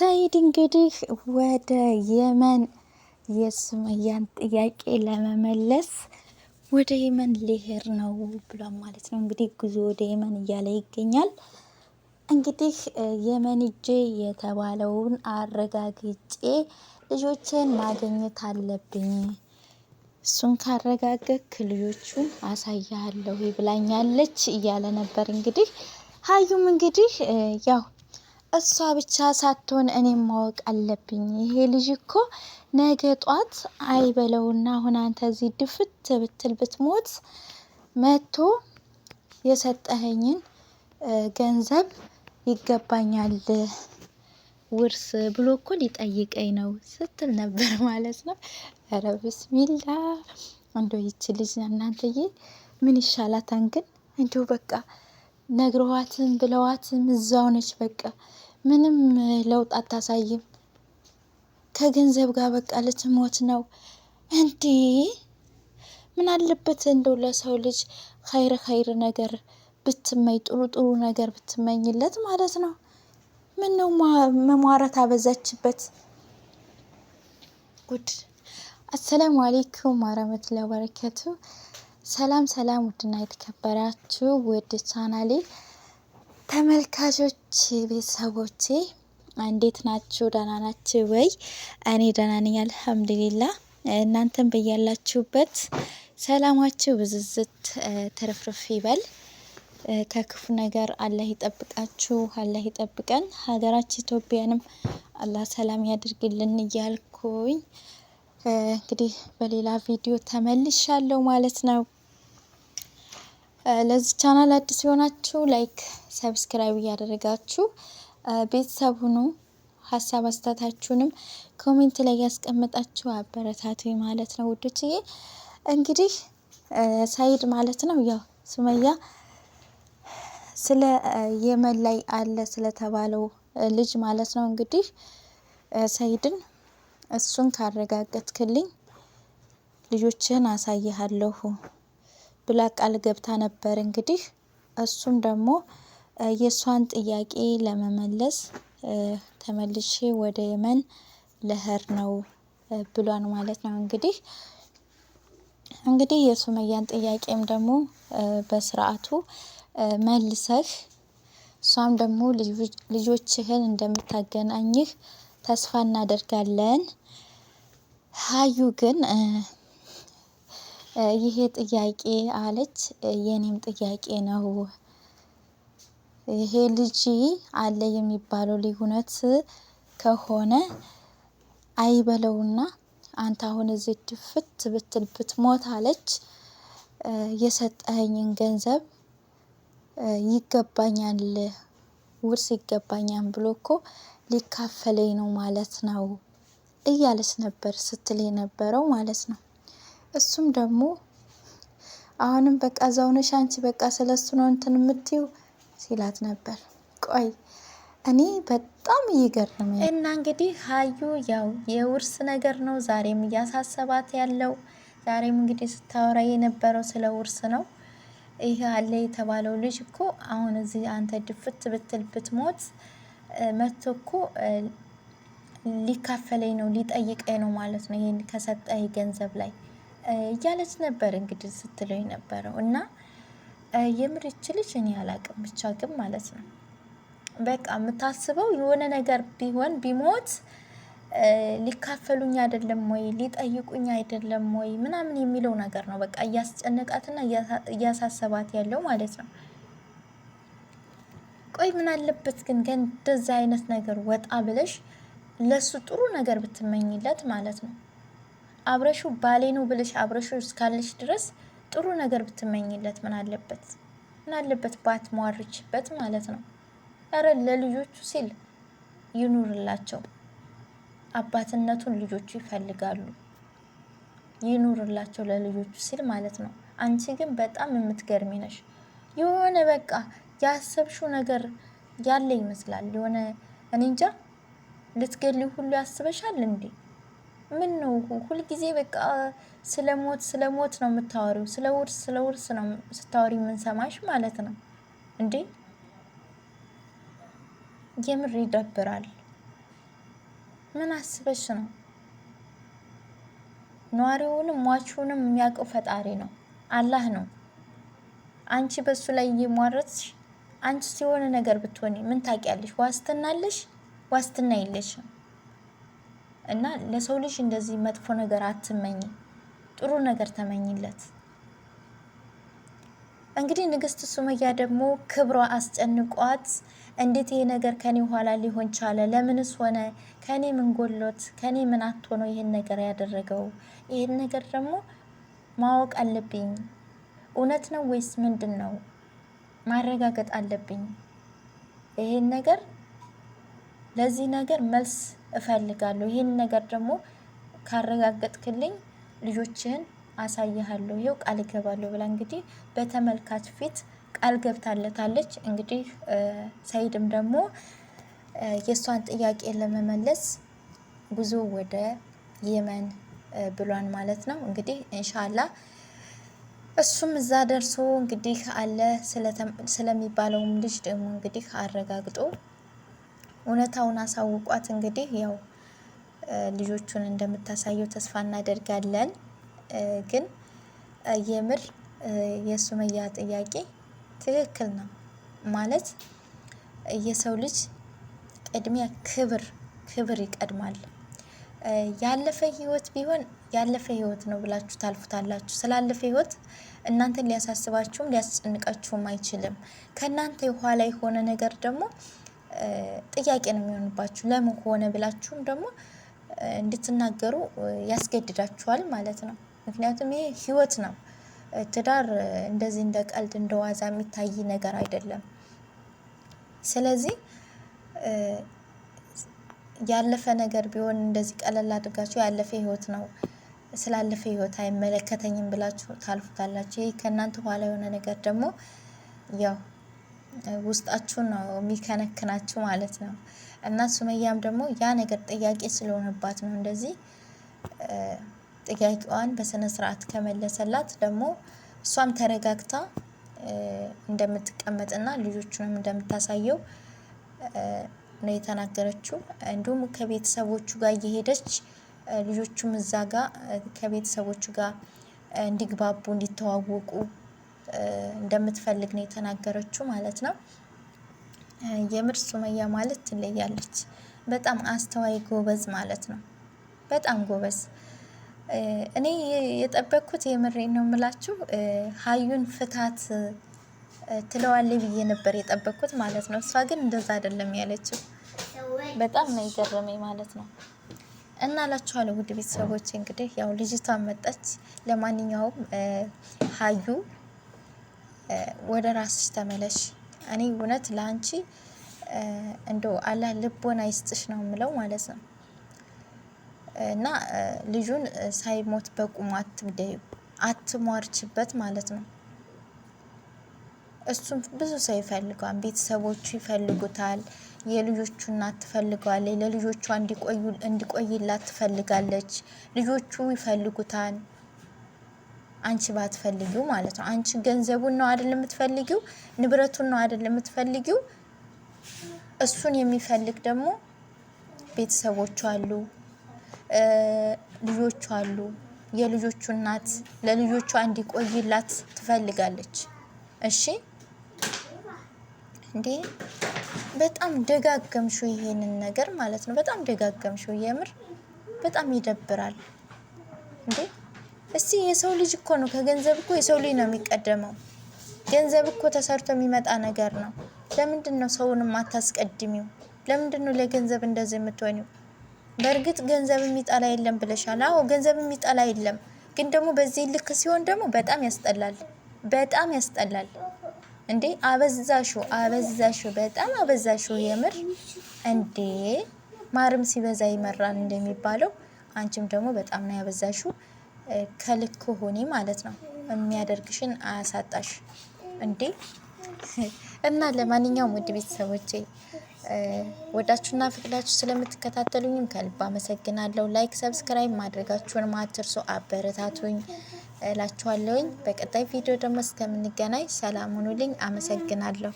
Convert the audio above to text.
ሰይድ እንግዲህ ወደ የመን የሱመያን ጥያቄ ለመመለስ ወደ የመን ሊሄድ ነው ብሏል ማለት ነው። እንግዲህ ጉዞ ወደ የመን እያለ ይገኛል። እንግዲህ የመን እጄ የተባለውን አረጋግጬ ልጆችን ማግኘት አለብኝ። እሱን ካረጋገክ ልጆቹን አሳያለሁ ብላኛለች እያለ ነበር። እንግዲህ ሀዩም እንግዲህ ያው እሷ ብቻ ሳትሆን እኔም ማወቅ አለብኝ። ይሄ ልጅ እኮ ነገ ጧት አይበለውና አሁን አንተ እዚህ ድፍት ብትል ብትሞት መጥቶ የሰጠኸኝን ገንዘብ ይገባኛል ውርስ ብሎ እኮ ሊጠይቀኝ ነው ስትል ነበር ማለት ነው። ኧረ ብስሚላ እንዶ ይቺ ልጅ እናንተዬ ምን ይሻላታን ግን እንዲሁ በቃ ነግረዋትም ብለዋትም እዛው ነች በቃ ምንም ለውጥ አታሳይም። ከገንዘብ ጋር በቃ ልትሞት ነው እንዴ? ምን አለበት እንደው ለሰው ልጅ ኸይር ኸይር ነገር ብትመኝ ጥሩ ጥሩ ነገር ብትመኝለት ማለት ነው። ምን ነው መሟረት አበዛችበት? ጉድ። አሰላሙ አሌይኩም ወረመቱላ ወበረከቱ። ሰላም ሰላም፣ ውድና የተከበራችሁ ውድ ቻናሌ ተመልካቾች ቤተሰቦቼ እንዴት ናችሁ? ደህና ናችሁ ወይ? እኔ ደህና ነኝ አልሐምዱሊላ። እናንተም በያላችሁበት ሰላማችሁ ብዝዝት ትርፍርፍ ይበል። ከክፉ ነገር አላህ ይጠብቃችሁ፣ አላህ ይጠብቀን። ሀገራችን ኢትዮጵያንም አላህ ሰላም ያድርግልን እያልኩኝ እንግዲህ በሌላ ቪዲዮ ተመልሻለሁ ማለት ነው። ለዚህ ቻናል አዲስ የሆናችሁ ላይክ፣ ሰብስክራይብ እያደረጋችሁ ቤተሰብ ሁኑ። ሀሳብ አስተታችሁንም ኮሜንት ላይ ያስቀምጣችሁ አበረታቱ ማለት ነው ውዶችዬ። እንግዲህ ሳይድ ማለት ነው ያው ሱመያ ስለ የመን ላይ አለ ስለተባለው ልጅ ማለት ነው እንግዲህ ሰይድን እሱን ካረጋገጥክልኝ ልጆችህን አሳይሃለሁ ብላ ቃል ገብታ ነበር። እንግዲህ እሱም ደግሞ የእሷን ጥያቄ ለመመለስ ተመልሼ ወደ የመን ልሄድ ነው ብሏን ማለት ነው። እንግዲህ እንግዲህ የሱመያን ጥያቄም ደግሞ በስርዓቱ መልሰህ እሷም ደግሞ ልጆችህን እንደምታገናኝህ ተስፋ እናደርጋለን። ሀዩ ግን ይሄ ጥያቄ አለች የኔም ጥያቄ ነው። ይሄ ልጅ አለ የሚባለው ልዩነት ከሆነ አይበለውና አንተ አሁን እዚህ ድፍት ብትል ብትሞት አለች የሰጠኝን ገንዘብ ይገባኛል ውርስ ይገባኛል ብሎ እኮ ሊካፈለኝ ነው ማለት ነው እያለች ነበር ስትል የነበረው ማለት ነው። እሱም ደግሞ አሁንም በቃ እዛው ነሽ አንቺ በቃ ስለሱ ነው እንትን የምትይው ሲላት ነበር። ቆይ እኔ በጣም እየገረመ እና እንግዲህ ሀዩ ያው የውርስ ነገር ነው ዛሬም እያሳሰባት ያለው ዛሬም እንግዲህ ስታወራ የነበረው ስለ ውርስ ነው። ይህ አለ የተባለው ልጅ እኮ አሁን እዚህ አንተ ድፍት ብትል ብትሞት መቶ እኮ ሊካፈለኝ ነው ሊጠይቀኝ ነው ማለት ነው ይህን ከሰጠህ ገንዘብ ላይ እያለች ነበር እንግዲህ ስትለው ነበረው እና የምርች ልጅ እኔ አላቅም ብቻ ግን ማለት ነው በቃ የምታስበው የሆነ ነገር ቢሆን ቢሞት ሊካፈሉኝ አይደለም ወይ ሊጠይቁኝ አይደለም ወይ ምናምን የሚለው ነገር ነው። በቃ እያስጨነቃትና እያሳሰባት ያለው ማለት ነው። ቆይ ምን አለበት ግን ግን አይነት ነገር ወጣ ብለሽ ለሱ ጥሩ ነገር ብትመኝለት ማለት ነው። አብረሹ ባሌ ነው ብለሽ አብረሹ እስካለሽ ድረስ ጥሩ ነገር ብትመኝለት ምን አለበት? ምን አለበት ባትሟርችበት ማለት ነው። እረ ለልጆቹ ሲል ይኑርላቸው። አባትነቱን ልጆቹ ይፈልጋሉ። ይኑርላቸው ለልጆቹ ሲል ማለት ነው። አንቺ ግን በጣም የምትገርሚ ነሽ። የሆነ በቃ ያሰብሽው ነገር ያለ ይመስላል። የሆነ እኔ እንጃ ልትገሊ ሁሉ ያስበሻል እንዴ? ምን ነው ሁልጊዜ በቃ ስለ ሞት ስለ ሞት ነው የምታወሪው፣ ስለ ውርስ ስለ ውርስ ነው ስታወሪ የምንሰማሽ ማለት ነው እንዴ? የምር ይደብራል። ምን አስበሽ ነው? ነዋሪውንም ሟቹንም የሚያውቀው ፈጣሪ ነው፣ አላህ ነው። አንቺ በሱ ላይ እየሟረትሽ አንቺ የሆነ ነገር ብትሆኒ ምን ታውቂያለሽ? ዋስትና አለሽ? ዋስትና የለሽም። እና ለሰው ልጅ እንደዚህ መጥፎ ነገር አትመኝ፣ ጥሩ ነገር ተመኝለት። እንግዲህ ንግስት ሱመያ ደግሞ ክብሯ አስጨንቋት፣ እንዴት ይሄ ነገር ከኔ ኋላ ሊሆን ቻለ? ለምንስ ሆነ? ከኔ ምን ጎሎት? ከኔ ምን አቶ ነው ይሄን ነገር ያደረገው? ይህን ነገር ደግሞ ማወቅ አለብኝ። እውነት ነው ወይስ ምንድን ነው? ማረጋገጥ አለብኝ። ይሄን ነገር ለዚህ ነገር መልስ እፈልጋለሁ። ይህን ነገር ደግሞ ካረጋገጥክልኝ ልጆችህን አሳይሃለሁ፣ ይኸው ቃል እገባለሁ ብላ እንግዲህ በተመልካች ፊት ቃል ገብታለታለች። እንግዲህ ሰይድም ደግሞ የእሷን ጥያቄ ለመመለስ ጉዞ ወደ የመን ብሏን ማለት ነው። እንግዲህ እንሻላ እሱም እዛ ደርሶ እንግዲህ አለ ስለሚባለውም ልጅ ደግሞ እንግዲህ አረጋግጦ እውነታውን አሳውቋት። እንግዲህ ያው ልጆቹን እንደምታሳየው ተስፋ እናደርጋለን። ግን የምር የሱመያ ጥያቄ ትክክል ነው ማለት የሰው ልጅ ቅድሚያ ክብር ክብር ይቀድማል። ያለፈ ህይወት ቢሆን ያለፈ ህይወት ነው ብላችሁ ታልፉታላችሁ። ስላለፈ ህይወት እናንተን ሊያሳስባችሁም ሊያስጨንቃችሁም አይችልም። ከእናንተ የኋላ የሆነ ነገር ደግሞ ጥያቄ ነው የሚሆንባችሁ። ለምን ከሆነ ብላችሁም ደግሞ እንድትናገሩ ያስገድዳችኋል ማለት ነው። ምክንያቱም ይሄ ህይወት ነው። ትዳር እንደዚህ እንደ ቀልድ እንደ ዋዛ የሚታይ ነገር አይደለም። ስለዚህ ያለፈ ነገር ቢሆን እንደዚህ ቀለል አድርጋችሁ ያለፈ ህይወት ነው ስላለፈ ህይወት አይመለከተኝም ብላችሁ ታልፉታላችሁ። ይህ ከእናንተ ኋላ የሆነ ነገር ደግሞ ያው ውስጣችሁን ነው የሚከነክናችሁ ማለት ነው። እና ሱመያም ደግሞ ያ ነገር ጥያቄ ስለሆነባት ነው እንደዚህ ጥያቄዋን በስነ ስርዓት ከመለሰላት ደግሞ እሷም ተረጋግታ እንደምትቀመጥና ልጆቹንም እንደምታሳየው ነው የተናገረችው። እንዲሁም ከቤተሰቦቹ ጋር እየሄደች ልጆቹም እዛ ጋር ከቤተሰቦቹ ጋር እንዲግባቡ እንዲተዋወቁ እንደምትፈልግ ነው የተናገረችው ማለት ነው። የምር ሱመያ ማለት ትለያለች። በጣም አስተዋይ ጎበዝ ማለት ነው። በጣም ጎበዝ። እኔ የጠበቅኩት የምሬ ነው የምላችሁ ሀዩን ፍታት ትለዋለች ብዬ ነበር የጠበቅኩት ማለት ነው። እሷ ግን እንደዛ አይደለም ያለችው። በጣም ነው የገረመኝ ማለት ነው። እና ላችኋለሁ ውድ ቤተሰቦች እንግዲህ ያው ልጅቷን መጣች። ለማንኛውም ሀዩ ወደ ራስሽ ተመለሽ። እኔ እውነት ለአንቺ እንደው አላህ ልቦና ይስጥሽ ነው የምለው ማለት ነው። እና ልጁን ሳይሞት በቁሙ አትግደዩ፣ አትሟርችበት ማለት ነው። እሱም ብዙ ሰው ይፈልገዋል፣ ቤተሰቦቹ ይፈልጉታል፣ የልጆቹ እናት ትፈልገዋለች፣ ለልጆቿ እንዲቆይላት ትፈልጋለች፣ ልጆቹ ይፈልጉታል። አንቺ ባትፈልጊው ማለት ነው። አንቺ ገንዘቡን ነው አይደል የምትፈልጊው? ንብረቱን ነው አይደል የምትፈልጊው? እሱን የሚፈልግ ደግሞ ቤተሰቦቹ አሉ፣ ልጆቹ አሉ። የልጆቹ እናት ለልጆቿ እንዲቆይላት ትፈልጋለች። እሺ እንዴ በጣም ደጋገምሹ ይሄንን ነገር ማለት ነው። በጣም ደጋገምሹ የምር በጣም ይደብራል እንዴ እስቲ የሰው ልጅ እኮ ነው፣ ከገንዘብ እኮ የሰው ልጅ ነው የሚቀደመው። ገንዘብ እኮ ተሰርቶ የሚመጣ ነገር ነው። ለምንድን ነው ሰውንም አታስቀድሚው? ለምንድን ነው ለገንዘብ እንደዚህ የምትሆኒው? በእርግጥ ገንዘብ የሚጠላ የለም ብለሻል። አዎ ገንዘብ የሚጠላ የለም፣ ግን ደግሞ በዚህ ልክ ሲሆን ደግሞ በጣም ያስጠላል፣ በጣም ያስጠላል። እንዴ አበዛሹ፣ አበዛሹ፣ በጣም አበዛሹ። የምር እንዴ ማርም ሲበዛ ይመራል እንደሚባለው፣ አንቺም ደግሞ በጣም ነው ያበዛሹ። ከልክ ሆኔ ማለት ነው የሚያደርግሽን አያሳጣሽ እንዴ። እና ለማንኛውም ውድ ቤተሰቦቼ ወዳችሁና ፍቅዳችሁ ስለምትከታተሉኝም ከልብ አመሰግናለሁ። ላይክ፣ ሰብስክራይብ ማድረጋችሁን ማትርሶ አበረታቱኝ እላችኋለሁኝ። በቀጣይ ቪዲዮ ደግሞ እስከምንገናኝ ሰላም ሁኑልኝ። አመሰግናለሁ።